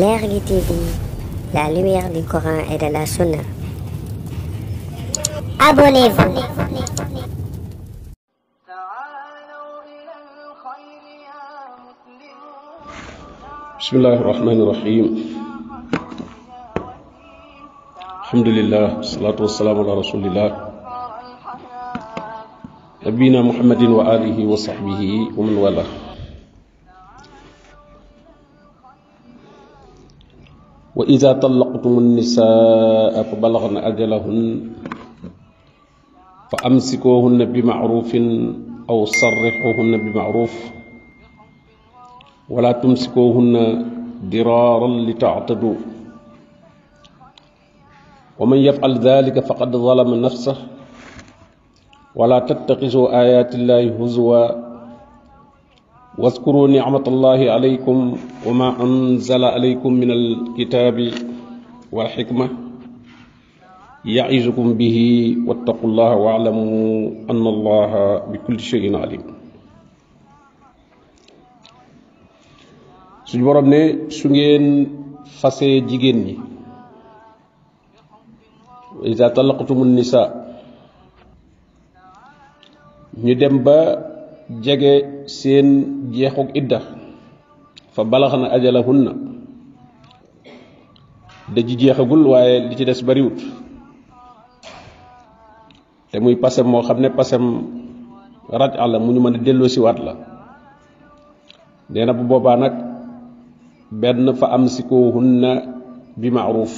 L'Ergue TV, la lumière du Coran et de la Sunna. Abonnez-vous. بسم الله الرحمن الرحيم الحمد لله والصلاة والسلام على رسول الله نبينا محمد وآله وصحبه ومن والاه وإذا طلقتم النساء فبلغن أجلهن فأمسكوهن بمعروف أو صرحوهن بمعروف ولا تمسكوهن ضرارا لتعتدوا ومن يفعل ذلك فقد ظلم نفسه ولا تتخذوا آيات الله هزوا واذكروا نعمة الله عليكم وما أنزل عليكم من الكتاب والحكمة يعيزكم به واتقوا الله واعلموا أن الله بكل شيء عليم suñu borom ne su ngeen fasee jigéen ñi ida jege seen jeexuk idda fa balaxna ajalahunna da ji jeexagul waaye li ci des bariwut te muy pasem moo xam ne pasem raj àlla mu ñu mën a delloo si waat la nee na bu boobaa nag benn fa am si ko hunna bi maaruf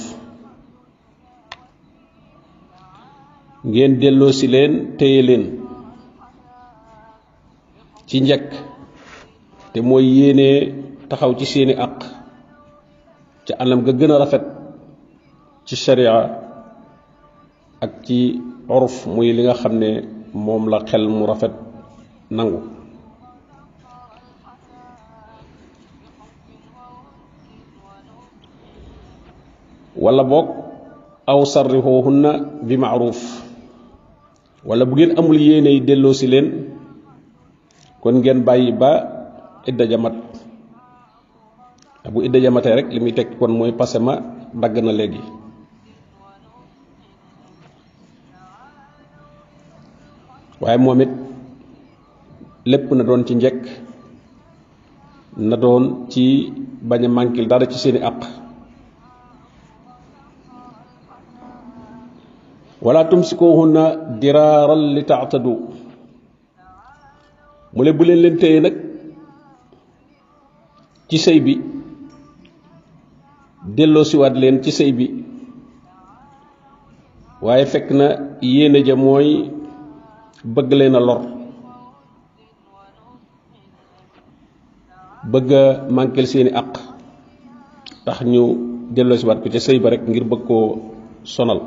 ngeen delloo si leen téye leen ci njëkk te moy yene taxaw ci seeni àq ci anam ga gëna rafet ci sharia ak ci oruf muy li nga xamne mom la xel mu rafet nangu wala bok aw sarrihuhunna bi maaruf wala bu gene amul yene delo ci len kon ngeen bàyyi ba idda jamat bu idda jamatee rek li muy teg kon mooy passé ma dagg na léegi waaye moom it lépp na doon ci njekk na doon ci bañ a dara ci seeni àq wala tumsikuhunna diraaran li mu ne bu leen leen téye nag ci sëy bi waat leen ci sëy bi waaye fekk na yéene ja mooy bëgg leen a lor bëgg a manquel seeni àq tax ñu waat ko ca sëy ba rek ngir bëgg koo sonal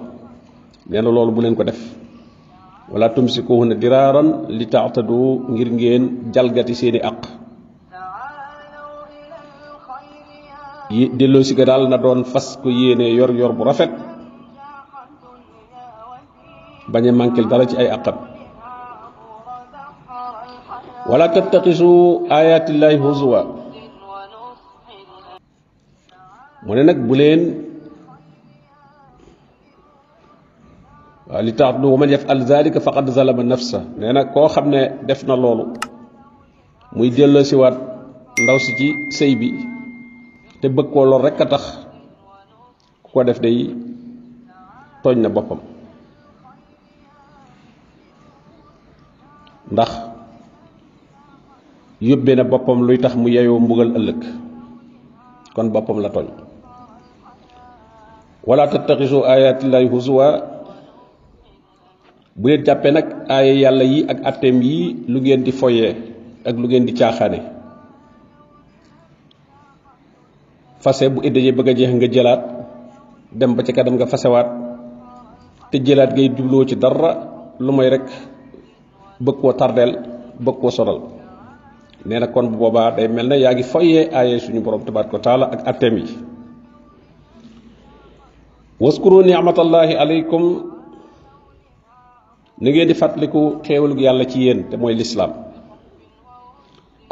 nee na loolu bu leen ko def wala tumsikuhunna diraaran li taatadu ngir ngeen jalgati seeni àq yi delloo daal na doon fas ko yéene yor yor bu rafet bañ a mànkil dara ci ay àqam wala tattaxisu ayaatillaahi huzuwa mu ne nag bu leen li tax nu man yafal zalika faqad zalama nafsa neena ko xamne xam ne def na loolu muy delo ci wat ndaw ci ci sëy bi te bëgg ko lool rek tax ko def day togn na bopam ndax yobbe na bopam luy tax mu yeyo mbugal ëllëg kon bopam la tooñ wala tattaxisu ayatillahi husuwa bu leen jàppee nag aaya yàlla yi ak atteem yi lu ngeen di foyee ak lu ngeen di caaxaane fase bu iddajee bëgg a jeex nga jëlaat dem ba ci kanam nga fasewaat te jëlaat ngay jubloo ci dara lu may rek bëgg koo tardeel bëgg koo sonal nee kon bu boobaa day mel ne yaa ngi suñu borom tabaaraka taala ak atteem yi waskuru ni'matallahi alaykum ni ngeen di fàttaliku xéewalug yàlla ci yéen te mooy lislaam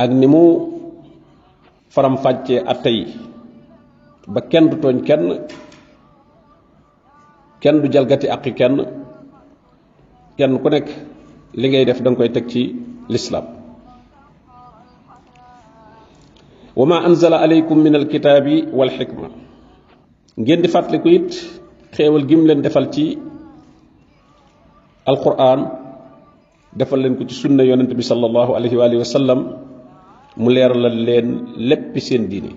ak ni mu faram-fàccee atte yi ba kenn du tooñ kenn kenn du jalgati ak kenn kenn ku nekk li ngay def da koy teg ci lislaam wa ma anzala aleykum min alkitaabi wal xikma ngeen di fàttaliku it xéewal gim leen defal ci alquran defal leen ko ci sunna yonent bi sallallahu alayhi wa alihi wa sallam mu leeralal leen lépp seen diine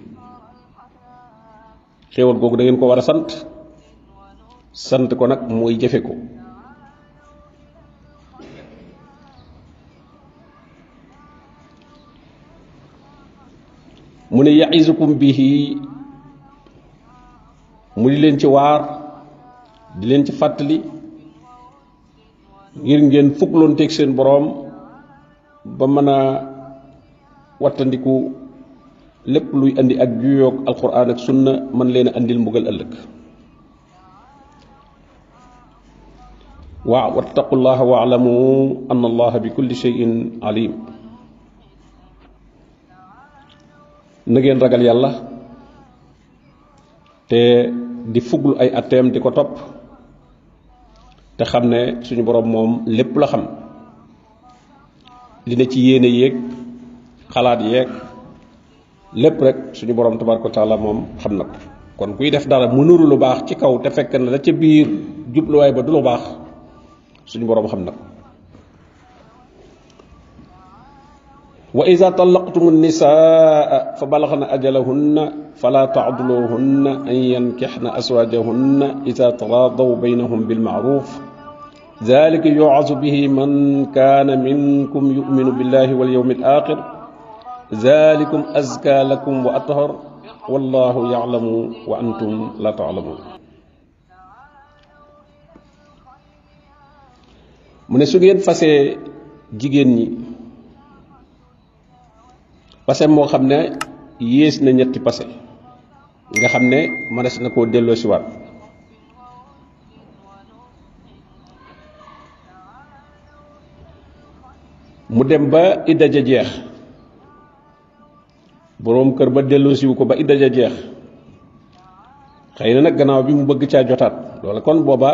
xéewal googu da ko war a sant sant ko nag mooy jëfe ko mu ne yaisukum bihi mu di leen ci waar di leen ci fàttali ngir ngeen ak seen borom ba mëna watandiku lépp luy andi ak juyoog alquran ak sunna man leen andil mbugal ëlëk wa wattaqullaha waalamu anna allaha bi kulli shay'in alim na ngeen ragal yàlla te di fuglu ay atteem di ko topp te xam ne suñu borom moom lépp la xam li ne ci yéene yéeg xalaat yeeg lépp rek suñu borom tabaraka taala moom xam na ko kon kuy def dara mu nuru lu baax ci kaw te fekk na la ca biir jubluwaay ba du lu baax suñu borom xam na ko wa iza talaqtum nisaa fa balaxna ajalahunna fala tacduluhunna an yankixna aswaajahunna ida taraadaw baynahum ma'ruf dalika yuazu bihi man kaana minkum yuminu billahi wal yawmi al axir dalikum azka lakum wa athar wallahu yalamu wa antum la taalamun mu ne su ngeen fasee jigéen ñi pase moo xam ne yées na ñetti pase nga xam ne mënees na koo delloo si waat mu dem ba idda ja jeex borom kër ba Kainanak ko ba idda ja jeex xeyna nak gannaaw bi mu bëgg caa jotaat loola kon booba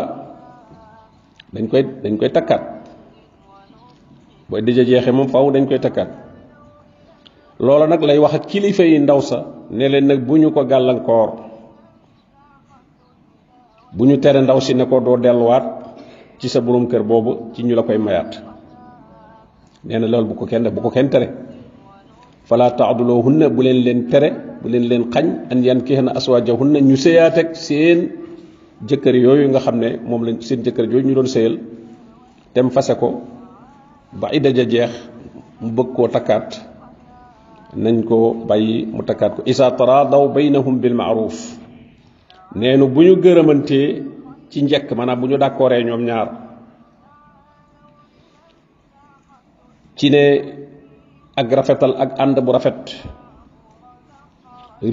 dañ koy dañ koy takkaat bo idda ja jeexee moom faaw dañ koy takkaat loola nag lay wax ak kilifa yi ndaw sa ne leen nag bu ko gàllankoor bu ñu tere ndaw si ne ko doo delluwaat ci sa borom kër boobu ci ñu la koy mayaat nee na loolu bu ko kenn bu ko kenn tere fala taaduloohunna bu leen leen tere bu leen leen xañ an yan kihna aswaajahunna ñu sëyaat ak seen jëkkër yooyu nga xam ne moom lañ seen jëkkër yooyu ñu doon sëyal dem fase ko ba idda ja jeex mu bëgg koo takkaat nañ ko bàyyi mu takkaat ko isa taraadaw baynahum bil maaruf nee nu bu ñu gërëmantee ci njëkk maanaam bu ñu dàkkooree ñoom ñaar ci ne ak rafetal ak and bu rafet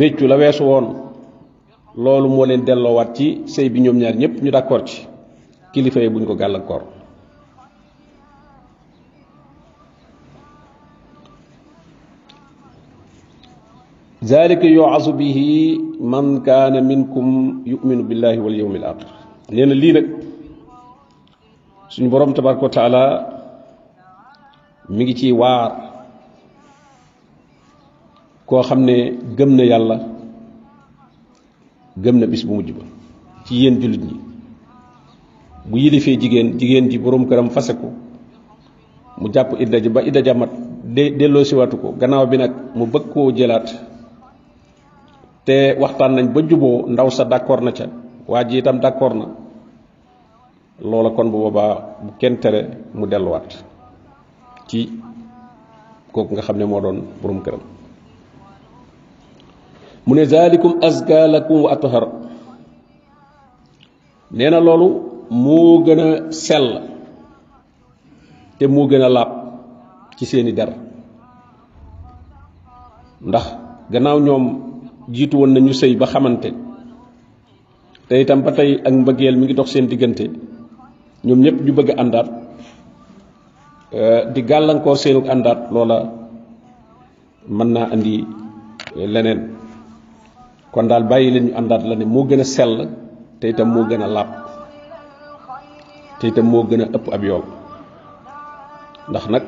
réccu la won woon mo len delo wat ci sey bi ñom ñaar ñëpp ñu d'accord ci kilifa yi buñ ko gàllankoor ذلك يعظ به من كان منكم يؤمن بالله واليوم الآخر لأن لي نك سن بروم تبارك وتعالى mi ngi ci waar koo xam ne gëm na yàlla gëm na bis bu mujj ba ci yéen julit ñi bu yilifee jigéen jigéen ji borom këram fase ko mu jàpp idda ji ba idda ja mat de delloo watu ko gannaaw bi nag mu bëgg koo jëlaat te waxtaan nañ ba juboo ndaw sa d'accord na ca waa ji d'accord na loola kon bu boobaa bu kenn tere mu delluwaat ci kooku nga xamne mo doon borom kërëm mune zalikum azka lakum wa athar neena lolu mo gëna sel a sell te moo gën a ci seeni dar ndax gannaaw ñoom jiitu woon nañu sëy ba xamante te itam ba tey ak mbëggeel mi ngi dox seen diggante ñoom ñëpp ñu bëgg àndaat Eh, di galang seenu luk lola man na andi eh, lenen kon daal bàyyi leen ñu àndaat la ne moo gën a sell te itam moo gën a te itam moo gën a ëpp ab yool ndax nag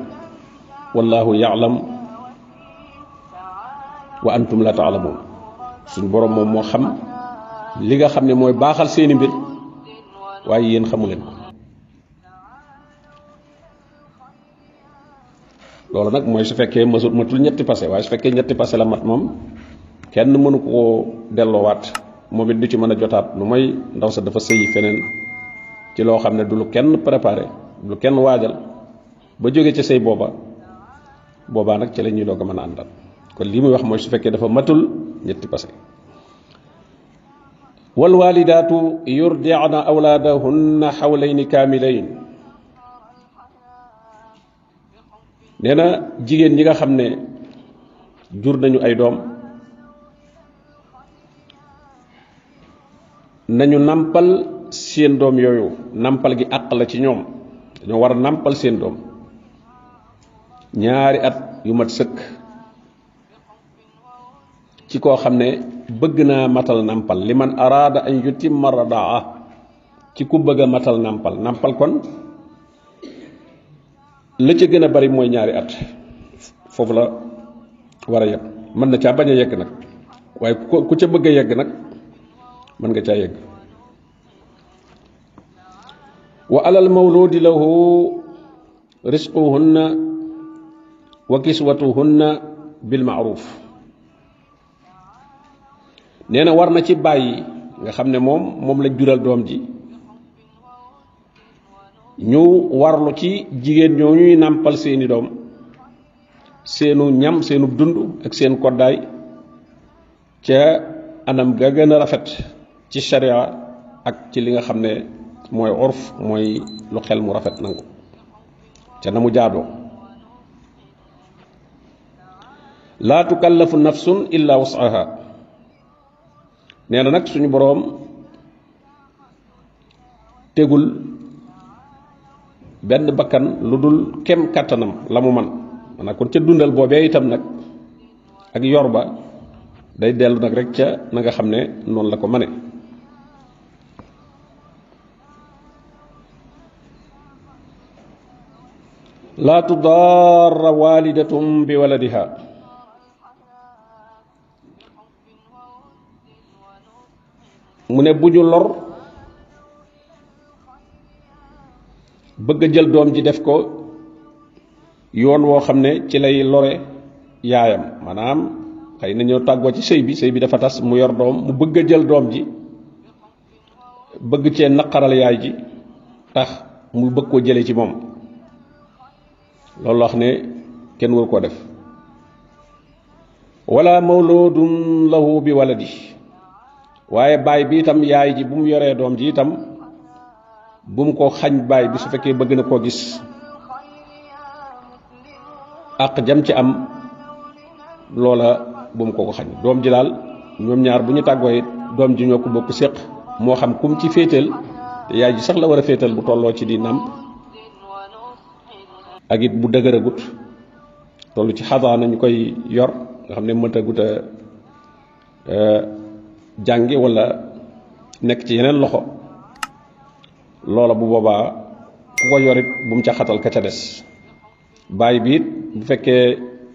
wallahu yaalam wa antum la ta'lamun suñu borom moom moo xam li nga xam ne mooy baaxal seeni mbir waaye yéen xamu ko loolu nag mooy su fekkee masut matul ñetti passé waaye su fekkee ñetti passé la mat moom kenn mënu koo delloowaat moom it du ci mën a jotaat lu mooy ndaw sa dafa sëyi feneen ci loo xam ne du lu kenn préparé du lu kenn waajal ba jóge ca sëy booba boobaa nag ci la ñuy doog a mën a àndal kon lii muy wax mooy su fekkee dafa matul ñetti passé wal waalidaatu yurdi'na awlaadahunna xawlayni kaamilayn nee na jigéen ñi nga xam ne jur nañu ay doom nañu nàmpal seen doom yooyu nàmpal gi àq la ci ñoom dañoo war a nàmpal seen doom ñaari at yu mat sëkk ci koo xam ne bëgg naa matal nàmpal li man araada an yutimma radaa ci ku bëgg matal nàmpal nàmpal kon la ci gëna bari moy ñaari at fofu la wara a man na ca baña yegg nag ku ca bëgg a yegg nag nga ca yegg wa alal mawlud lahu rizquhunna wa kiswatuhunna bil ma'ruf neena war na ci bayyi nga xamne mom mom la jural dom ji ñu warlu ci jigéen ñoo ñuy nampal seeni doom seenu ñam seenu dund ak seen koddaay ca anam ga gën a rafet ci sharia ak ci li nga xam ne mooy urf mooy lu xel mu rafet nangu ca na mu la laa tukallafu nafsun illa wasaha neena nak suñu borom tegul benn bakkan lu dul kem kàttanam la mu man maanaam kon ca dundal boobee itam nag ak yor ba day dellu nag rek ca na nga xam ne noonu la ko mane laa tudaara waalidatum bi waladiha Mune ne lor bëgg jël doom ji def ko yoon woo xam ne ci lay lore yaayam maanaam xëy nañu tàggoo ci sëy bi sëy bi dafa tas mu yor doom mu bëgg jël doom ji bëgg cee naqaral yaay ji tax mu bëgg koo jële ci moom loolu ne kenn waru koo def wala mawloodun lahu bi waladi waaye baay bi itam yaay ji bu mu yoree doom ji itam bu mu ko xañ bay bi su fekke bëgg na ko gis ak jam ci am lola bu mu ko ko xañ dom ji dal ñom ñaar bu ñu tàggoo it doom ji ñoko ko bokk séq xam kum ci féetal te yaay ji sax la wara a bu tollo ci di nam ak it bu dëgëragut tollu ci ñu koy yor nga xam ta guta euh jangé wala nek ci yenen loxo loolo bu boobaa ku ko yorit bu mu ca xatal ka ca des baay bi bu fekkee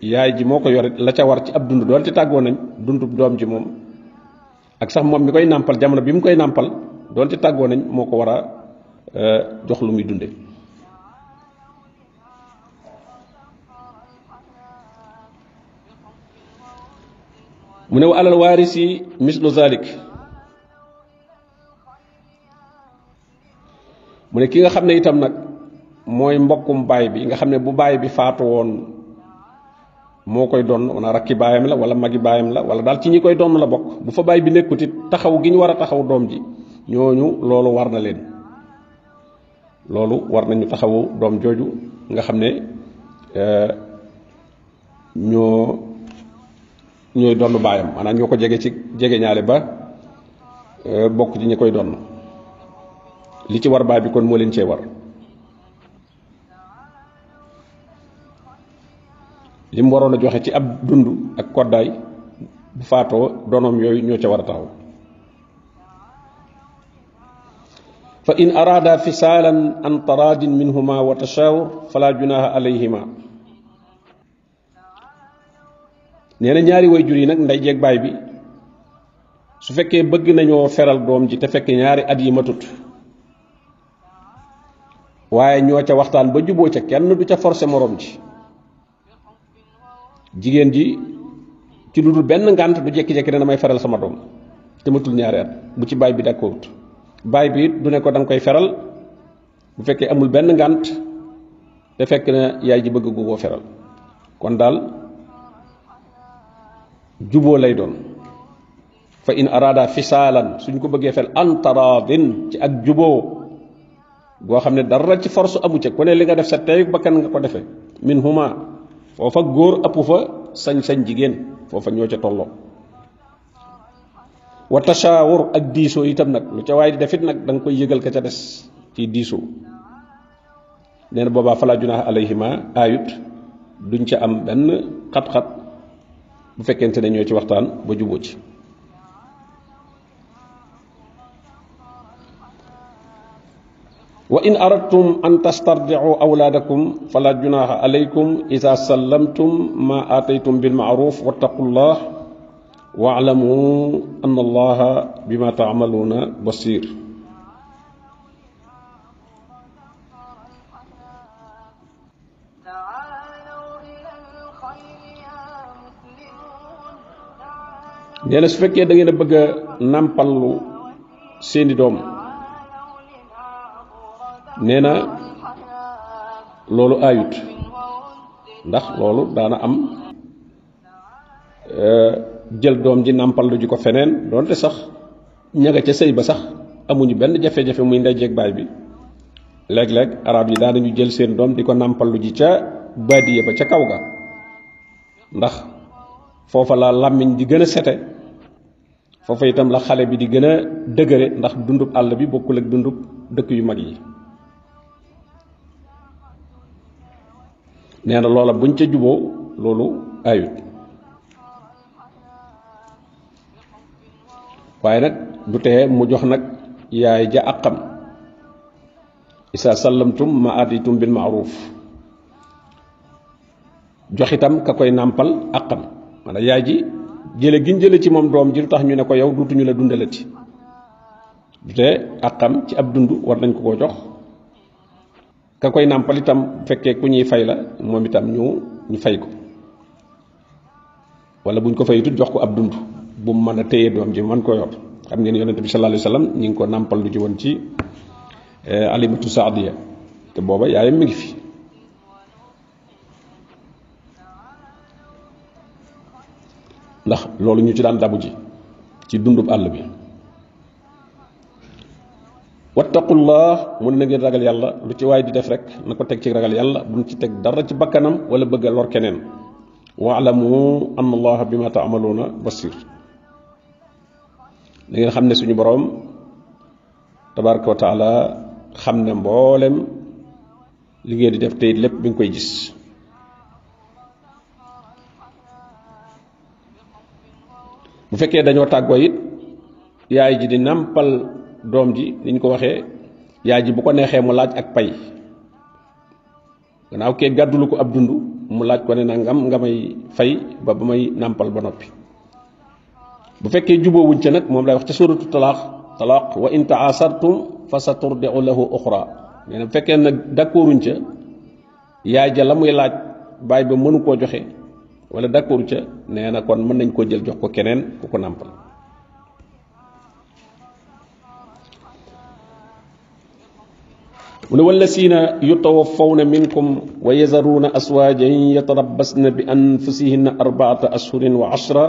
yaay ji moo ko yorit la ca war ci ab dund doon ci tàggoo nañ dundu doom ji moom ak sax moom mi koy nàmpal jamono bi mu koy nàmpal doon ci tàggoo nañ moo ko war a euh, jox lu muy dunde mu ne wa alal waaris yi mislu zalik mu ne ki nga xam ne itam nag mooy mbokkum baay bi nga xam ne bu baay bi faatu woon moo koy don on a rakki baayam la wala magi baayam la wala daal ci ñi koy donn la bokk bu fa baay bi nekkuti taxaw gi ñu war a taxaw doom ji ñooñu loolu war na leen loolu war nañu taxawu doom jooju nga xam ne eh, ñoo ñooy donn baayam maanaam ñoo ko jege ci jege ñaale ba eh, bokk ci ñi koy donn li ci war baay bi kon moo leen cee war li mu waroon a joxe ci ab dund ak koddaay bu faatoo donoom yooyu ñoo ca war a taxaw fa in araada fisaalan an taraadin minhuma wa fala junaaha alayhima nee na ñaari way jur yi nag ndey jeeg baay bi su fekkee bëgg nañoo feral doom ji te fekk ñaari at yi matut waaye ñoo ca waxtaan ba juboo ca kenn du ca forcé moroom ji jigéen ji ci lu dul benn ngànt du jekki-jekki ne damay feral sama doom te matul ñaari at bu ci baay bi dakkoowut baay bi du ne ko danga koy feral bu fekkee amul benn ngant te fekk na yaay ji bëgg gu koo feral kon daal juboo lay doon fa in arada fisaalan suñ ko bëggee fel antaraadin ci ak juboo goo xam ne dara ci force amu ca ku ne li nga def sa tey bakkan nga ko defee min huma foofa góor ëpp fa sañ-sañ jigéen foofa ñoo ca tolloo wa tashawur ak diisoo itam nag lu ca waay di defit nag da nga koy yëgal ka ca des ci diisoo neen na fala junah alayhima ayut duñ ca am benn xat-xat bu fekkente ne ñoo ci waxtaan ba ci وإن أردتم أن تسترضعوا أولادكم فلا جناح عليكم إذا سلمتم ما آتيتم بالمعروف واتقوا الله واعلموا أن الله بما تعملون بصير nee na su fekkee da ngeen a Nena na loolu ayut ndax loolu daana am e, jël doom ji nampal lu ji ko feneen doonte sax ñaga ca sëy ba sax amuñu benn jafe-jafe muy ndeyjeeg baay bi léeg-léeg arab yi daanañu jël seen doom di ko nàmpal lu ji ca baadiya ba ca kaw ga ndax foofa la làmmiñ di gën a sete foofa itam la xale bi di gën a dëgëre ndax dundub àll bi bokkul ak dundub dëkk yu mag yi neena loola buñ ca juboo loolu ayut waaye nag du tee mu jox nag yaay ja àqam isa sallamtum ma aditum bil ma'ruf jox itam ka koy nampal akam mana yaay ji jele giñ jele ci moom doom ji lu tax ñu ne ko yow duutuñu la dundalati du tee àqam ci ab dund war nañ ko koo jox ka koy nampal itam fekke ku ñuy fay la mom itam ñu ñu fay ko wala buñ ko fayitut jox ko ab dundu bu mu mëna a doom ji man ko yor xam ngeen yonente bi sallallahu alayhi wasallam ñi ngi ko nampal lu ci won ci eh, alimatu sa'diya te boba yaayam mi ngi fi ndax loolu ñu ci daan dabu ji ci dundub àll bi wattaqullah mun na ngeen ragal yàlla lu ci waay di def rek na ko ci ragal yàlla bu ci dara ci bakkanam wala bëgg lor keneen wa'lamu anna allaha bima ta'maluna basir da ngeen xam ne suñu borom tabaraka taala xam ne li ngeen di def tey lépp mi ngi koy gis bu fekkee dañoo tàggoo it yaay ji di nampal doom ji ni ñu ko waxee yaay ji bu ko neexee mu laaj ak pay gannaaw kee gàddulu ko ab dund mu laaj ko ne na ngam nga may fay ba ba may nàmpal ba noppi bu fekkee jubóowuñ ca nag moom lay wax ca suratu talaax talaax wa in taasartum fa sa turdiu lahu uxra nee na bu fekkee nag d'accorduñ ca yaay ja la muy laaj baay ba mënu koo joxe wala d'accordu ca nee na kon mën nañ koo jël jox ko keneen ku ko nàmpal ولولسين يتوفون منكم ويزرون أسواجا يتربصن بأنفسهن أربعة أشهر وعشرة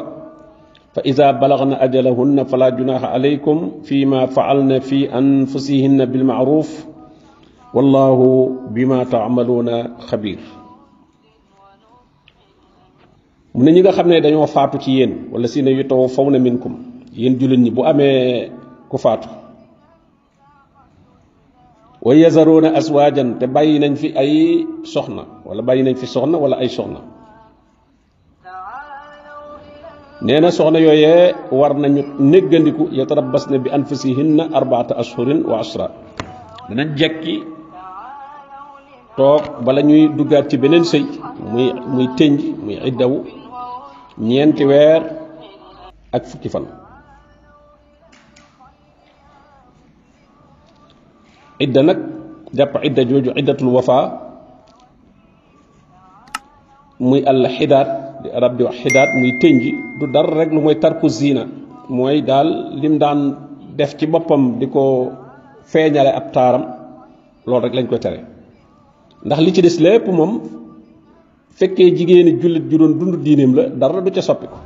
فإذا بلغن أجلهن فلا جناح عليكم فيما فعلن في أنفسهن بالمعروف والله بما تعملون خبير من نيغا خامني دانيو فاتو تي ولا سين يتوفون منكم يين جولن ني بو امي كو فاتو ويزرون أزواجا تبين في أي سخنة ولا بين في سخنة ولا أي سخنة نينا سخنة يوية ورنا نجن لكو يتربسن بأنفسهن أربعة أشهر وعشرة من الجكي توق بلا نوي دوغات تي بنين سي موي موي تنج موي عدو نينتي وير اك فكي idda nag jàpp idda jooju iddatul muy àll di arab di wax xidaat muy tënj du dara rek lu mooy tarku zina mooy daal lim daan def ci boppam di ko feeñale ab taaram loolu rek lañ koy tere ndax li ci des lépp moom fekkee jigéeni jullit ju doon dund diineem la dara du ca soppi ko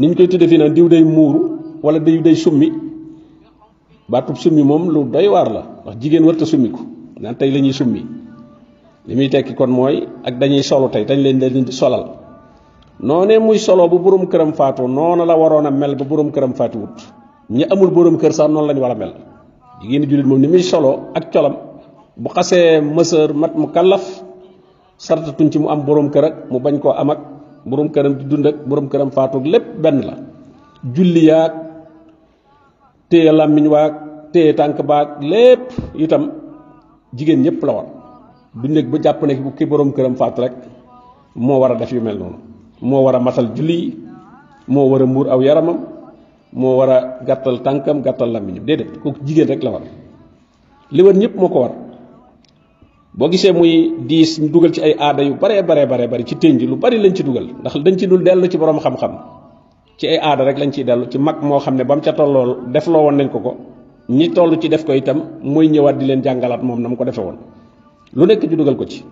niñ koy tudde fii naan diw day muuru wala diw day summi batub summi mom lu doy war la wax jigen warta ko nan tay lañuy summi limi tekki kon moy ak dañuy solo tay dañ leen leen di solal noné muy solo bu borom kërëm faatu nona la warona mel bu borom kërëm faatu wut ñi amul borom kër sa non lañ wara mel jigen julit mom limi solo ak colam bu xasse mat mukallaf sarta sartatuñ ci mu am borom kër ak mu bañ ko am ak borom kërëm di dund ak borom kërëm faatu lepp ben la julli yaak téye làmmiñ waag téye tànk baag lépp itam jigéen ñëpp la war duñ nekk ba jàpp ne bu ki borom këram faat rek moo war a def yu mel noonu moo war a matal julli yi moo war a muur aw yaramam moo war a gàttal tànkam gàttal làmmiñam déedéet kooku jigéen rek la war li war ñëpp moo war boo gisee muy diis ñu dugal ci ay aada yu bare bare bare bari ci tënj lu bari lañ ci dugal ndax dañ ci dul dellu ci borom xam-xam ci ay aada rek lañu ciy dellu ci mag moo xam ne ba mu ca tolloo def loo woon nañ ko ko ñi toll ci def ko itam mooy ñëwaat di leen jàngalaat moom na mu ko defe woon lu nekk ju dugal ko ci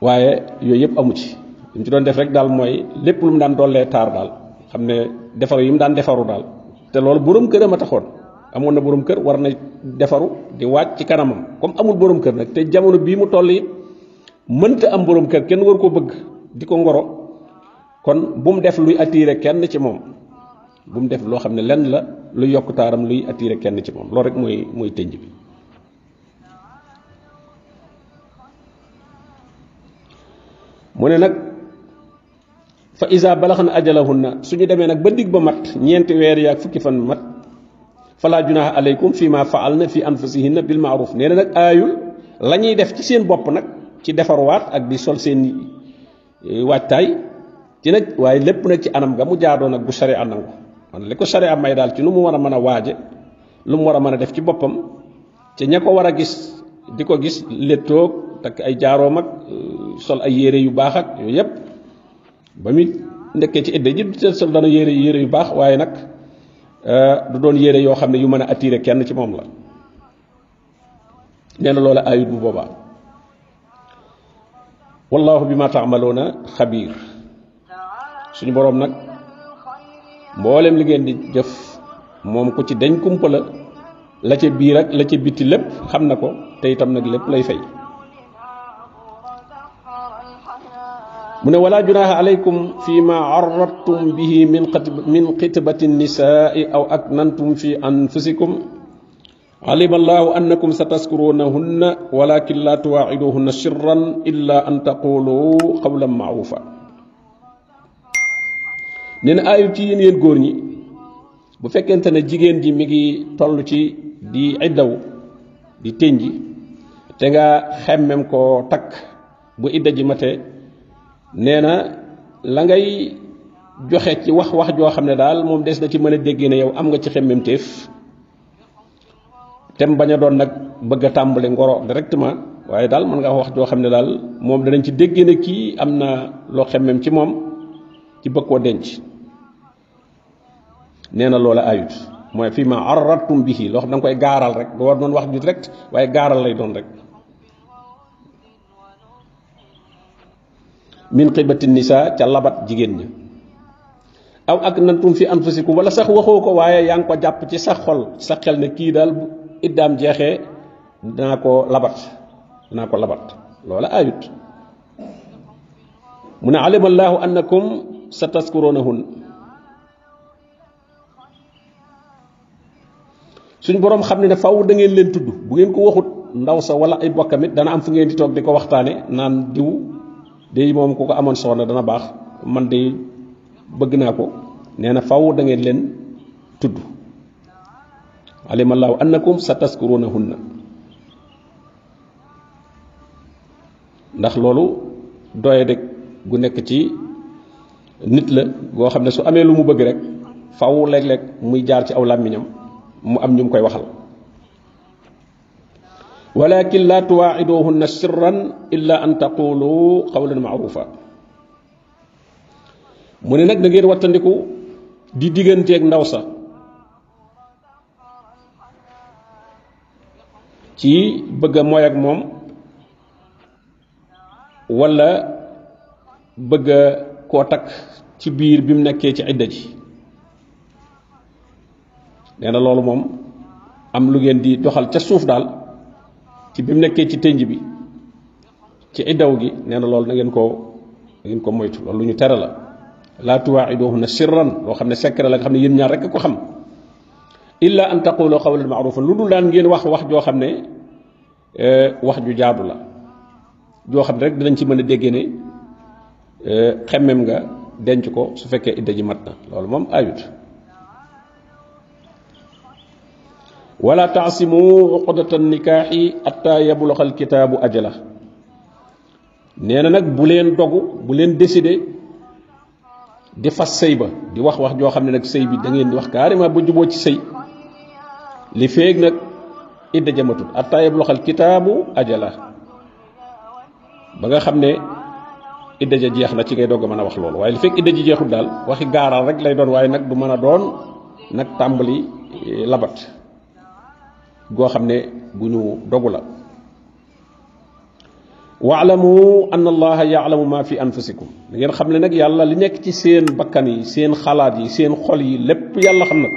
waaye yooyu yëpp amu ci li mu ci doon def rek daal mooy lépp lu mu daan dollee taar daal xam ne defaru yi mu daan defaru daal te loolu borom këram a taxoon amoon na boroom kër war na defaru di waaj ci kanamam comme amul boroom kër nag te jamono bii mu toll yi mënta am borom kër kenn war koo bëgg di ko ngoro kon bu mu def luy attirer kenn ci mom bu mu def lo xamne ne lenn la lu yok taram luy attirer kenn ci mom lo rek moy moy tënj bi mune nak fa iza balaghna ajalahunna suñu deme nak ba dig ba mat ñent wer yaag fukki fan mat fala junah alaykum fi ma faal fi anfusihinna bil ma'ruf neena nak ayu lañuy def ci seen bop nak ci defar defarwaat ak di sol seen waajtaay ci nag waaye lépp nag ci anam nga mu jaadoon ak bu saree anam ko man li ko sari a may daal ci lu mu war a mën a waaje lu mu war a mën a def ci boppam te ña ko war a gis di ko gis léttoog takk ay jaaroom ak euh, sol ay yére yu baax ak yooyu yëpp ba muy ndekkee ci idda ji sol dana yére yére yu baax waaye nag euh, du doon yére yoo xam ne yu mën a attiré kenn ci moom la nee na loola ayut bu boobaa wallahu bi ma taamaloona xabiir suñu borom nag mboolem li di jëf moom ku ci dañ kumpala la la ca biir ak la ca biti lépp xam na ko te itam nag lépp lay fay mu ne wala junaha alaykum fi ma arrattum bihi min min qitbati nisaai aw aknantum fi anfusikum علم الله أنكم ستذكرونهن ولكن لا تواعدوهن سرا إلا أن تقولوا قولا معروفا nee na aayut ci yeen yeen goor ñi bu fekkente ne jigéen ji mi ngi toll ci di iddaw di tenji, te nga xemmem ko takk bu idda ji mate nee na la ngay joxe ci wax wax joo xam ne daal moom des na ci mën a déggee ne yow am nga ci xemmem teef tem bañ doon nag bëgg a tàmbali ngoro directement waaye daal mën nga wax joo xam ne daal moom danañ ci déggee ne kii am na loo xemmem ci moom ci denc nee na loola ayut mooy fii ma arratum bihi loo xam da nga koy gaaral rek du war doon wax ju direct waaye gaaral lay doon rek min xibati nisa ca labat jigéen ña aw ak nantum fi anfusikum wala sax waxoo ko waaye yaa ngi ko jàpp ci sa xol sa xel ne kii daal bu iddaam jeexee dinaa ko labat dinaa ko labat loola ayut mu ne alima allahu annakum sa taskurunahun suñ borom xamni ne faaw da ngeen leen tudd bu ngeen ko waxut ndaw sa wala ay bokkamit dana am fu ngeen di toog di ko waxtaane naan diw de moom ku ko amoon soxna dana baax man de bëgg naa ko nee na faaw da ngeen leen tudd alimallahu annakum sataskurunahunna ndax loolu doye rek gu nekk ci nit la goo xam ne su amee lu mu bëgg rek faaw muy jaar ci aw lamiñam mu am ñu mu koy waxal walakin laa tuwaaciduhunna sirran illa an taqulu qawlan maarufa mu ne nag da ngeen wattandiku di digganteeg ndaw sa ci bëgg a ak moom wala bëgg koo takk ci biir bi mu nekkee ci idda ji nee na loolu moom am lu ngeen di doxal ca suuf daal ci bi mu nekkee ci tënj bi ci iddaw gi nee na loolu na ngeen koo na ko moytu loolu lu ñu tere la laa tuwaaxiduhunna sirran loo xam ne secret la nga xam ne yéen ñaar rek ko xam illa an taqulu qawlan ma'rufan lu dul daan ngeen wax wax joo xam ne eh, wax ju jaabu la joo xam ne rek dinañ ci mën a déggee ne eh, xemmem nga denc ko su fekkee idda ji mat na loolu moom ayut wala ta'simu uqdatan nikahi hatta yablugha al-kitabu ajalah. neena nak bu len dogu bu len décider di fas sey ba di wax wax jo xamne nak sey bi da ngeen di wax carrément bu jubo ci sey li feek nak idda jamatut hatta yablugha al-kitabu ajalah ba nga xamne idda ja jeex na ci ngay dog mëna wax lool waye li fek idda ji jeexul dal waxi rek lay waye nak du mëna nak tambali eh, labat go xamne ne gu ñu dogu la waalamu an allaha ya'lamu ma fi anfusikum da ngeen xamne nak yàlla li nekk ci seen bakkan yi seen xalaat yi seen xol yi lépp yàlla xamna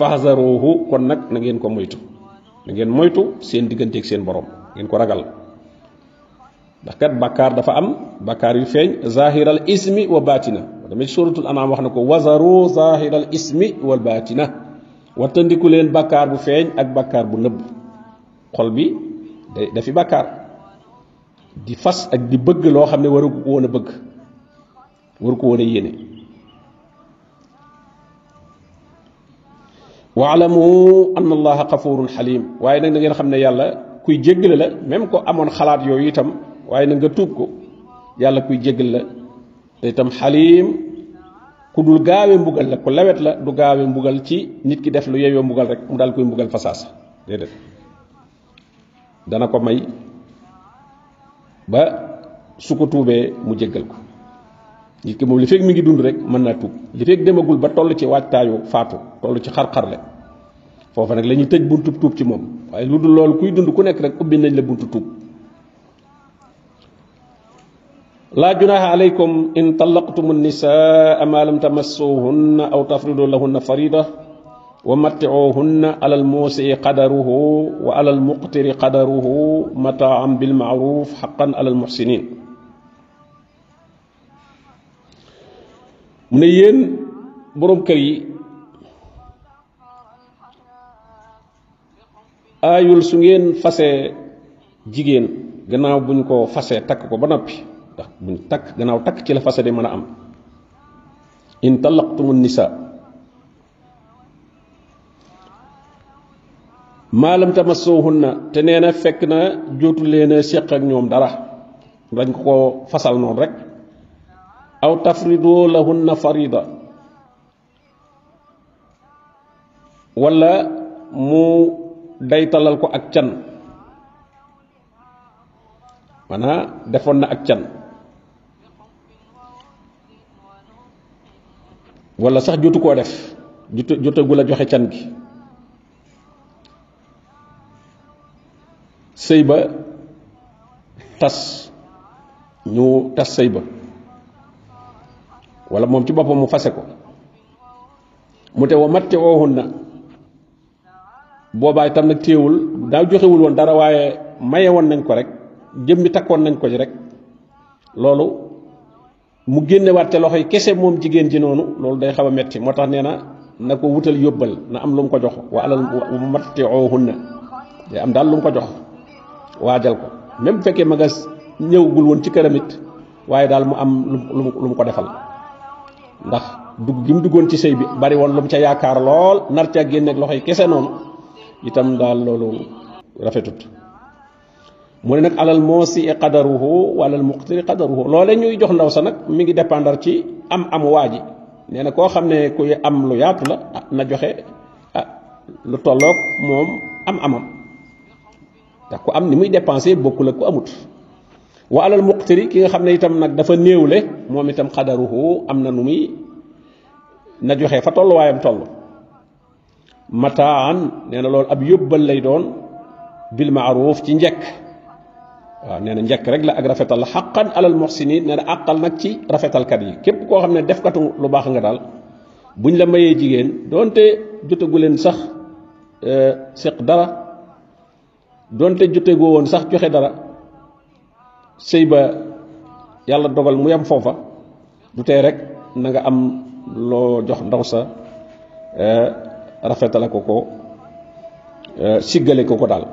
na ko kon nak na ngeen ko moytu na ngeen moytu seen ak seen borom ngeen ko ragal ndax kat bakkar dafa am bakkar yu feeñ zahiral ismi wa batina dama ci suratul anam wax na ko wazaru zahiral ismi wal batina wattandiku leen bàkkaar bu feeñ ak bàkkaar bu nëbb xol bi day dafi bàkkaar di fas ak di bëgg loo xam ne waru ko woon a bëgg waru ko woon a yéene waalamu anna allaha xafurun xalim waaye nag na ngeen xam ne yàlla kuy jéggale la même ko amoon xalaat yooyu itam waaye na nga tuub ko yàlla kuy jégal la te itam xalim kudul gawe gaawé mbugal la ko lawet la du gaawé mbugal ci nit ki def lu yeyo mbugal rek mu dal koy mbugal fasaasa dedet dana ko may ba sukotu ko mu jéggal ko nit ki mom li fek mi ngi dund rek man na tuub li fek demagul ba tollu ci waajtaayu faatu tollu ci xar xar le fofu nak lañu tejj buntu tuub ci mom waye luddul dul kuy dund ku nek rek ubbi nañ la buntu tuub لا جناح عليكم إن طلقتم النساء ما لم تمسوهن أو تفرضوا لهن فريضة ومتعوهن على الموسع قدره وعلى المقتر قدره متاعا بالمعروف حقا على المحسنين من بروم كري آيول سنين فاسي جيجين غناو gannaaw فاسي تاكو بنابي ndax buñ tak gannaaw tak ci la fasade mën am in talaqtumun nisa ma lam tamassuhunna te neena fekk na jotu leena seq ak ñoom dara dañ ko fasal non rek aw tafridu lahunna farida wala mu daytalal ko ak can mana defoon na ak can wala sax jotu koo def jotu jotagul a joxe can gi sëy ba tas ñu tas sëy ba wala moom ci boppam mu fase ko mu te wa matte ooxun na boobaa itam nag téewul daaw joxewul woon dara waaye maye woon nañ ko rek jëmmi takkoon nañ ko ci rek loolu mu génnewaat ca loxo yi kese moom jigéen ji noonu loolu day xaw a metti moo tax nee na na ko wutal yóbbal na am lu mu ko jox wa alal matiuhunna day am daal lu mu ko jox waajal ko même bu fekkee magas ñëwagul woon ci këram waaye daal mu am lu mu ko defal ndax dugg gi mu duggoon ci sëy bi bari woon lu mu ca yaakaar lool nar ca génneeg loxo yi kese noonu itam daal loolu rafetut mu ne nag alal moosi e qadaruhu walal muqtiri qadaruhu loole ñuy jox ndaw sa nag mi ngi dépendre ci am am waa ji nee na koo xam ne kuy am lu yaatu la na joxe ah lu tolloog moom am amam ndax ku am ni muy dépenser bokku la ku amut wa alal muqtiri ki nga xam ne itam nag dafa néewle moom itam qadaruhu am na nu muy na joxe fa tolluwaayam toll mataan nee na loolu ab yóbbal lay doon bil maaruf ci njekk waaw njek rek la ak rafetal haqqan alal muhsinin nena akal nak ci rafetal kat yi kep ko xamne def lu bax nga dal buñ la maye jigen donte gu len sax e, seq dara donte go won sax joxe dara sëy ba yàlla dogal mu yam fofa du rek nga am lo jox ndaw sa e, rafetale ko ko e, sigale ko ko dal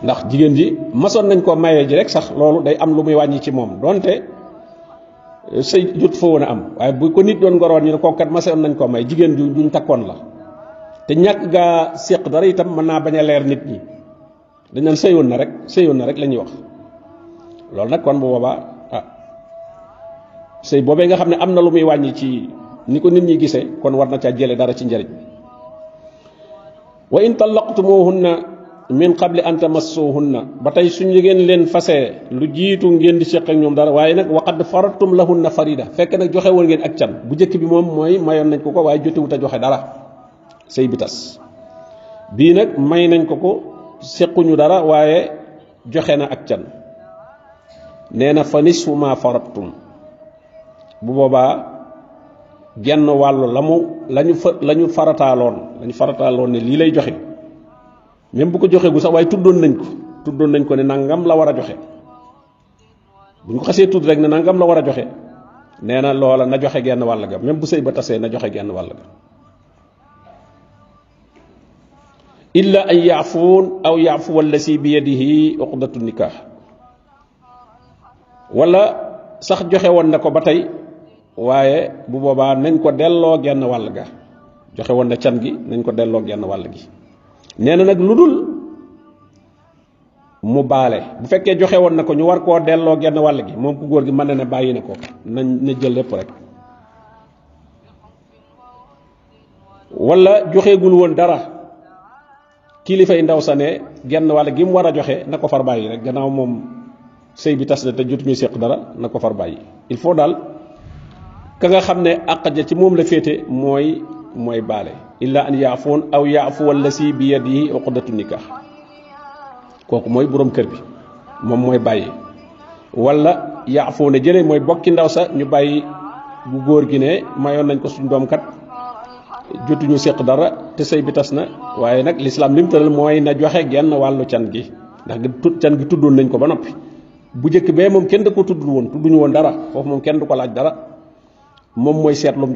ndax jigen ji mason nañ ko maye ji rek sax lolu day am lu muy wañi ci mom donte eh, sey jot fo wona am waye bu ko nit don ngoroon ñu ko kat mason nañ ko may jigen ju juñ takkon la te ñak ga sekh dara itam man na baña leer nit ñi dañ nan sëyoon na rek sëyoon na rek lañ wax loolu nak kon bu baba ah sey bobé nga xamné ne lu muy wañi ci ni nit ñi gisé kon war na ca jëlee dara ci njëriñ wa in talaqtumuhunna min qabl an tamassuhunna batay suñu ngeen len fasé lu jitu ngeen di seq ak ñoom dara waaye nag waqad faratum lahunna farida fekk na joxe won ngeen ak cyan bu jekk bi mom moy mayon nañ ko ko waye jotewut ta joxe dara sey bi tas bi nak may nañ ko ko ñu dara waye joxe na ak cyan neena fanisu ma farabtum bu boba genn walu lamu, lañu lañu lon lañu farata lon ne lay joxe même bu ko joxee gu sax waaye tuddoon nañ ko tuddoon nañ ko ne nangam la war a joxe bu ñu xasee tudd rek ne nangam la war a joxe nee na loola na joxe genn wàll ga même bu sëy ba tasee na joxe genn wàll ga illa an yaafuun aw yaafu wallasi bi yadihi uqdatu nikah wala sax joxe woon na ko ba tey waaye bu boobaa nañ ko delloo genn wàll ga joxe woon na can gi nañ ko delloo genn wàll gi nee na nag lu dul mu baale bu fekkee joxe woon na ko ñu war koo delloo genn wàll gi moom ku góor gi mën na ne bàyyi na ko nañ na jël lépp rek walla joxeegul woon dara kilifay ndaw sa ne genn wàll gi mu war a joxe na ko far bàyyi rek gannaaw moom sëy bi tas na te jotuñu séq dara na ko far bàyyi il faut daal ka nga xam ne àq ja ci moom la féete mooy mooy baale illa an yaafoon aw yaafu la si bi yadihi nikah Kok mooy borom kër bi moom mooy bàyyi wala yaafoon a jële mooy bokki ndaw sa ñu bàyyi bu góor gi ne mayoon nañ ko suñ doom kat jotuñu seq dara te sëy bi tas na waaye nag lislaam lim tëral mooy na joxe genn wàllu can gi ndax can gi kendo nañ ko ba noppi bu jëkk bee moom kenn da ko tuddul dara foofu moom kenn du ko laaj dara lum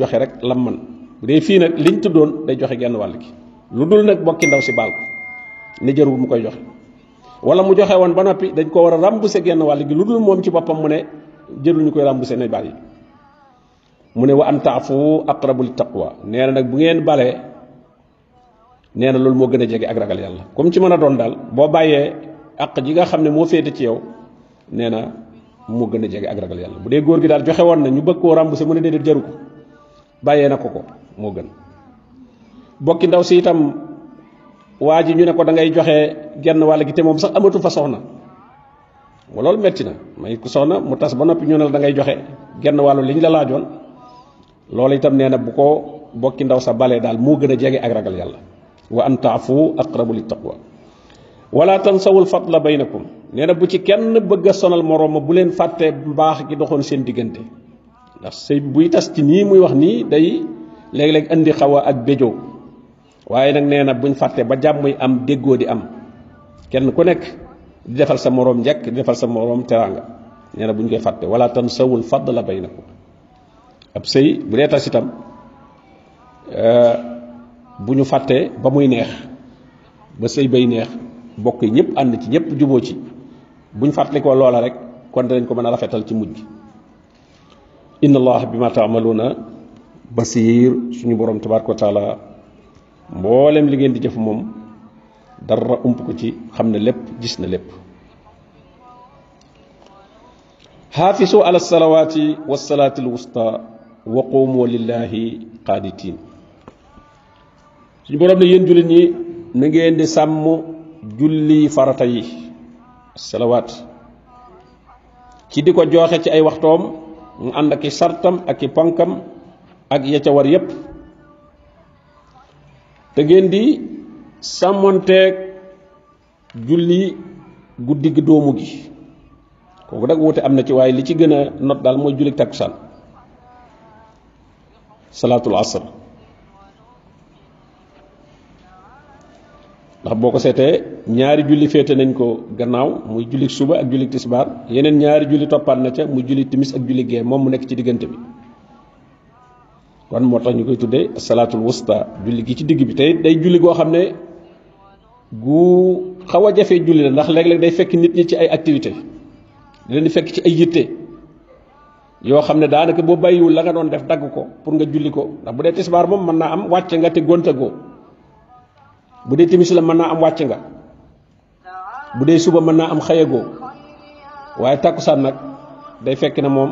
joxe rek lam man bu dee fii nag liñ tuddoon day joxe genn wàll gi lu dul nag bokki ndaw si baal ko ne mu koy joxe wala mu joxe woon ba noppi dañ ko war a remboursé genn wàll gi lu dul moom ci boppam mu ne jërul ñu koy remboursé ne bàyyi mu ne wa an taafu aqrabul taqwa nee na nag bu ngeen balee nee na loolu moo gën ak ragal yàlla comme ci mën a doon daal boo bàyyee ji nga xam ne moo féete ci yow nee na moo gën a jege ak ragal yàlla bu dee góor gi daal joxe woon na ñu bëgg koo mu ne déedéet jaru ko bàyyee na ko moo gën bokki ndaw si itam waa ñu ne ko da ngay joxe genn wàll gi te moom sax amatu fa soxna loolu metti na may ku soxna mu tas ba noppi ñu ne da ngay joxe genn wàllu liñ la laajoon loolu itam nee bu ko bokki ndaw sa balee daal moo gën a jege ak ragal yàlla wa an taafu aqrabu lit taqwa wala tansawul fadla baynakum neena na bu ci kenn bëgg sonal moroom bu leen fàtte baax gi doxoon seen diggante ndax sëy buy tas ci nii muy wax nii day leg leg andi xawa ak bejo waye nak nee buñ fàtte ba jàmm am deggo di am kenn ku nek di defal sa morom njekk di defal sa morom teranga neena buñ koy wala tan sawul fadla bainakum ab sey bu leta sitam euh buñu ñu ba muy neex ba sey bay neex bokk yi ñëpp ànd ci ñëpp jubo ci buñ ko lola rek kon dañ ko mëna rafetal ci mujj inna allah bima taamaluuna basir suñu borom tabaraka kuatala taala mboolem li ngeen di jëf mom dara ump ko ci gis na lepp hafisu ala salawati was salati al wusta wa qumu lillahi قانتين suñu borom ne yeen julit ñi na ngeen di sammu julli farata yi salawat ci diko joxe ci ay waxtom mu and ak sartam ak pankam ak ya ca war yépp te ngeen di sàmmonteeg julli guddig doomu gi kooku nag wute am na ci waaye li ci gën a not daal mooy julli takkusaan salatul asr ndax boo ko seetee ñaari julli féete nañ ko gannaaw muy julli suba ak julli tisbar yeneen ñaari julli toppaat na ca muy julli timis ak julli gee moom mu nekk ci diggante bi kon mo tax ñukoy tuddé salatul wusta julli gi ci digg bi tay day julli go xamné gu xawa jafé julli la ndax léeg-léeg day fekk nit ñi ci ay activité di leen di fekk ci ay yitté yo xamné la nga doon def dag ko pour nga julli ko ndax bu dee tisbaar am wacc nga te góntagoo bu dee timis la mën am wacc nga bu suba mën naa am go waye takusan nak day fekk na mom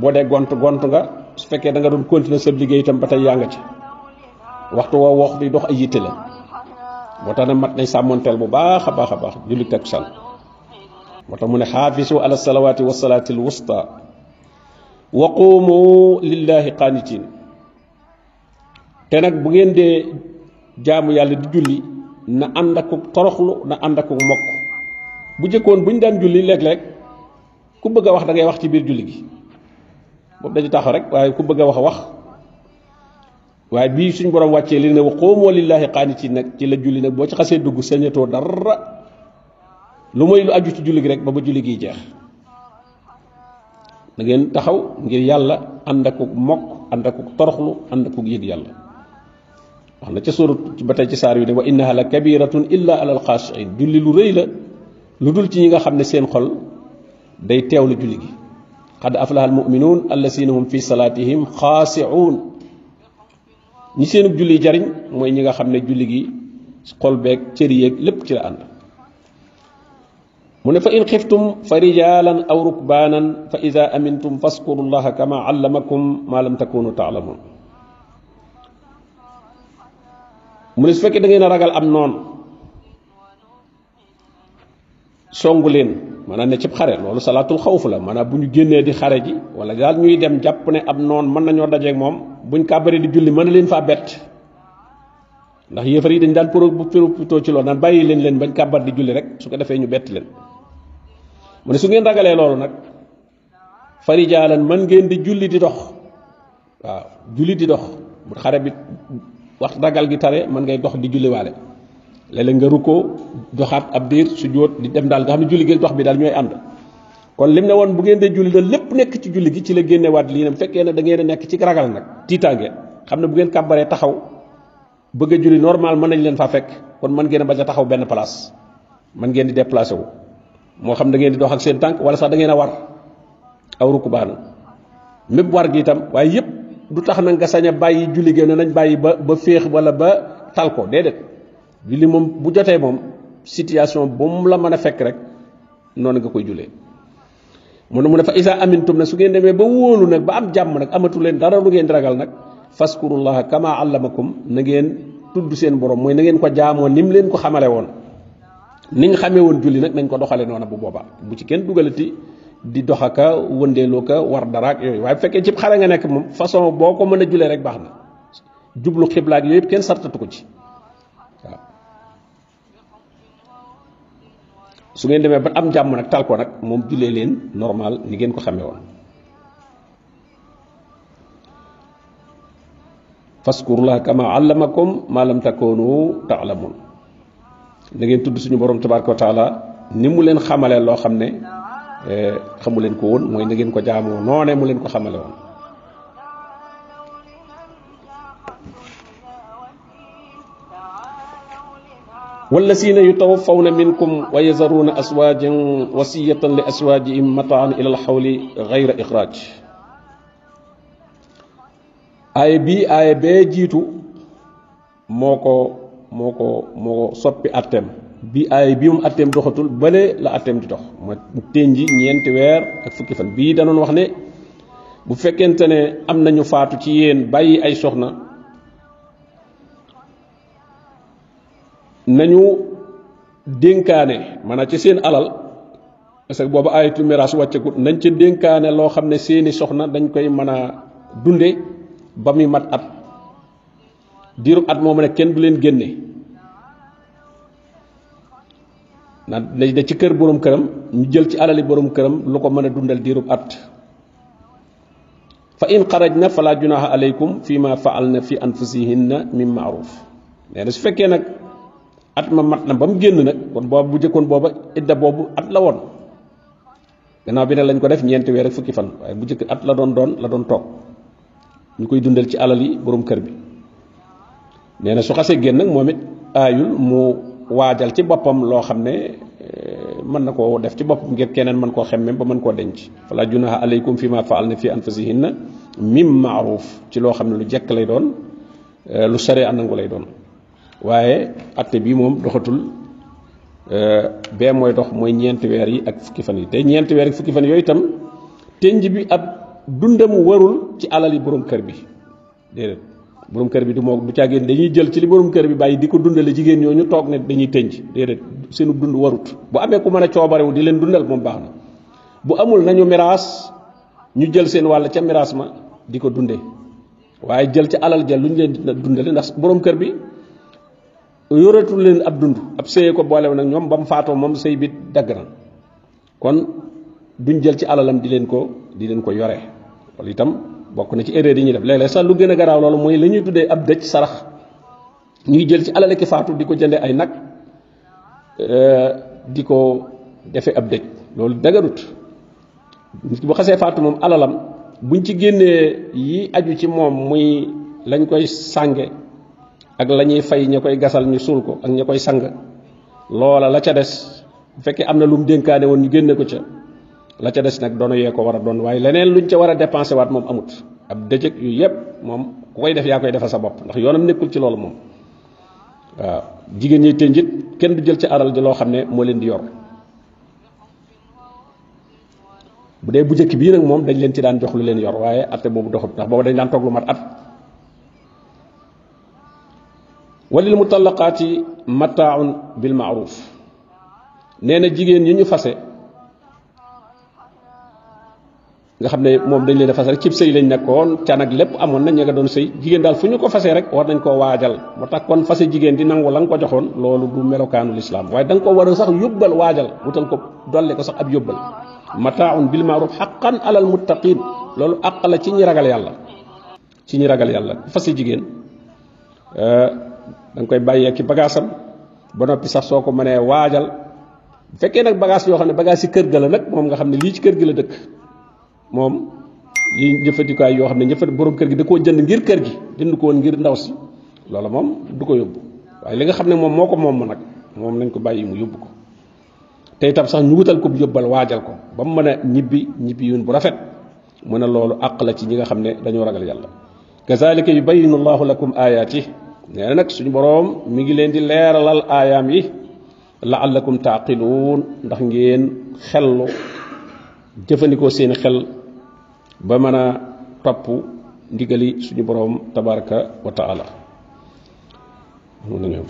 bo dé nga su fekkee da nga doon continuer sa liggéey itam ba tey yaa nga ci waxtu woo wax di dox ay yitte la moo tax na mat nay sàmmonteel bu baax a baax a baax julli moo tax ala salawaati wa salaati al wusta wa qumu lillahi qanitin te nag bu ngeen dee jaamu yàlla di julli na ànd ak toroxlu na ànd ak mokk bu jëkkoon buñ daan julli léeg-léeg ku bëgg wax da ngay wax ci biir julli gi boobu dañu taxaw rek waye ku bëgg wax wax waye bi suñu borom wacce li ne wa qoomoo lillahi qaanitiin ci la julli nak bo ci xasse dugg señeto dara lu moy lu aju ci julli gi rek ba ba julli gi jeex na ngeen taxaw ngir yalla ànd ak mok ànd ak toroxlu ànd ak yeg yalla wax na ci surat ci batay ci sar yu ne wa innaha lakabiratun illa alal xaashiin julli lu reey la ludul ci ñi nga xamne seen xol day tewlu julli gi قد أفلح المؤمنون الذين هم في صلاتهم خاشعون ñi seenub julli jariñ mooy ñi nga xam ne julli gi xol beeg cër yeeg lépp ci la ànd mu ne fa in xiftum fa rijalan aw rukbanan fa ida amintum faskuru llaha kama allamakum ma lam takunu taalamun mu ne su fekkee da ngeen a ragal am noonu songu len maanaam ne ci xare loolu salatul khawf la maanaam buñu genné di xare ji wala ñuy dem japp ne non man nañu dajé ak mom buñ bari di julli man na leen faa bett ndax dañ dal pro bu pro profitoo ci nan bayyi leen leen bañ bar di julli rek su ko betlin. ñu bet leen mu ne su ngeen ragalé loolu nak farijalan man ngeen di julli di dox waaw julli di dox bu xare bi wax ragal gi taré man ngay dox di walé lele nga ruko doxat ab diir su jot di dem dal nga xamni julli gi dox bi dal ñoy and kon lim ne won bu ngeen de julli da lepp nek ci julli gi ci la genné wat li bu fekke na da ngeen nek ci ragal nak tiitaange xamna bu ngeen kabaré taxaw bëgg julli normal mën nañ leen fa fek kon man ngeen ba ja taxaw ben place man ngeen di déplacer wu mo xam da ngeen di dox ak seen tank wala sax da ngeen a war aw ruku baax mepp war gi tam waye yépp du tax na nga saña bayyi julli gi nañ bayyi ba ba feex wala ba talko dedet julli mom bu jotee mom situation bu mu la mën a fekk rek noonu nga koy julee mu ne mu ne fa isa amintum na su ngeen demee ba wóolu nag ba am jàmm nag amatu leen dara lu ngeen ragal nag faskurullaha kama allamakum na ngeen tudd seen borom mooy na ngeen ko jaamoo nim leen ko xamale woon ni nga xamee woon julli nag nañ ko doxale noona bu bu ci kenn dugalati di doxaka wëndeeloo ka war dara ak yooyu waaye bu fekkee cib xare nga nekk moom façon boo ko mën rek baax na jublu xiblaak yooyu kenn sartatu ko ci su ngeen demee ba am jàmm nag tal ko nag moom jullee leen normal ni ngeen ko xamee woon faskurullah kama allamakum ma lam takunu taalamun da ngeen tudd suñu borom tabaraka wa taala ni mu leen xamalee loo xam ne eh, xamu leen ko woon mooy na ngeen ko jaamoo noonee mu leen ko xamale woon والذين يتوفون منكم ويذرون أزواجا وصية لأزواجهم متاعا إلى الحول غير إخراج آية بي آية بي جيتو موكو موكو موكو سوبي أتم bi aay bi moom atteem doxatul bële la atteem di dox mooy bu tënji ñeenti weer ak fukki fan bii danoon wax ne bu fekkente ne am nañu faatu ci yéen bàyyi ay soxna nañu dénkaane mana ci seen alal parce que boobu ayatul miraas wàccagut nañ ci dénkaane loo xam ne seeni soxna dañ koy mën a dunde ba muy mat at diirum at moom ne kenn du leen génne na da ci kër boroom këram ñu jël ci alali boroom këram lu ko mën a dundal diirub at fa in xaraj na fala junaha aleykum fi ma faal na fi anfusihinna min maaruf nee na su fekkee nag at ma mat na ba mu génn nag kon boobu bu jëkkoon booba boobu at la woon gannaaw bi ne lañ ko def ñeenti weer ak fukki fan waaye bu jëkk at la doon doon la doon toog ñu koy dundal ci alal yi boroom kër bi nee na su xasee génn nag moom it aayul mu waajal ci boppam loo xam ne eh, mën na koo def ci boppam ngir keneen mën koo xemmem ba mën koo denc fala junaha aleykum fi ma faal na fi anfusihinna mim maaruf ci loo xam ne lu jekk lay doon eh, lu sare anangu lay doon waaye atte bi moom doxatul euh, bee mooy dox mooy ñeenti weer yi ak fukki fan yi te ñeenti weer ak fukki fan yooyu itam tenj bi ab dundam warul ci alali borom kër bi déedéet borom kër bi du moo du caagéen dañuy jël ci li borom kër bi bàyyi di ko dundale jigéen ñooñu toog ne dañuy tenj déedéet seenu dund warut bu amee ku mën a coobarewu di leen dundal moom baax na bu amul nañu miraas ñu jël seen wàll ca miraas ma di ko dundee waaye jël ci alal jël lu ñu leen dundale ndax borom kër bi yoretu leen ab dund ab sëye ko boolew nag ñoom ba mu faatoo moom sëy bi dagg na kon duñ jël ci alalam di leen ko di leen ko yore loolu itam bokk na ci erreur yi ñuy def léeg-léeg sax lu gën a garaaw loolu mooy la ñuy ab dëj sarax ñuy jël ci alal ki faatu di ko jëndee ay nag euh, di ko defe ab dëj loolu dagarut nit bu xasee faatu moom alalam buñ ci génnee yi aju ci moom muy lañ koy sànge ak lañuy fay ñakoy gasal ñu sul ko ak ñakoy sang loola la ca des bu fekkee am na lum dénkaane woon ñu génne ko ca la ca des nag yee ko war a doon waaye leneen luñ ca war a dépensé waat amut ab dëjëg yu yépp moom ku koy def yaa koy defal sa bopp ndax yoonam nekkul ci loolu moom waaw jigéen ñi kenn du jël ci aral ji loo xam ne moo leen di yor bu dee bu jëkk bii nag moom dañ leen ci daan jox lu leen yor waaye atte boobu doxut ndax boobu dañ daan toog mat at walil mutallaqaati mattaaun bil ma'ruf nee na jigéen ñi ñu fase nga xam ne moom dañ leen a fase rek cib sëy lañ nekkoon ca nag lépp amoon na ña nga doon sëy jigéen daal fu ko fasee rek war nañ koo waajal moo tax kon fase jigéen di nangu la nga ko joxoon loolu du melokaanu lislaam waaye da nga ko war a sax yóbbal waajal wutal ko dolle ko sax ab yóbbal mataaun bil ma'ruf haqqan alal muttaqin loolu àq ci ñi ragal yàlla ci ñi ragal yàlla fase jigéen euh, dang koy baye ak bagasam ba nopi sax soko ko wadjal waajal nak bagas yo bagage bagas ci ne kër ga la nag moom nga xam li ci kër gi dëkk mom yi jëfëti yo jëfëti borom kër gi da ko jënd ngir kër gi dënd ko won ngir ndaw si loola mom du ko yobbu waaye li nga xam mom moko mom ko mom nañ ko bayyi mu yobbu ko tay tam sax ñu wutal ko bu yóbbal wadjal ko ba mëna ñibbi ñibbi yoon bu rafet mëna loolu àq ci ñi nga dañu ragal yalla kazalika yubayyinu llahu lakum ayatihi nee na nag suñu boroom mi ngi leen di leeralal aayaam yi laallakum taaqiluun ndax ngeen xellu jëfandikoo seen xel ba mën a topp ndigali suñu boroom tabaraka wa taala mun nañu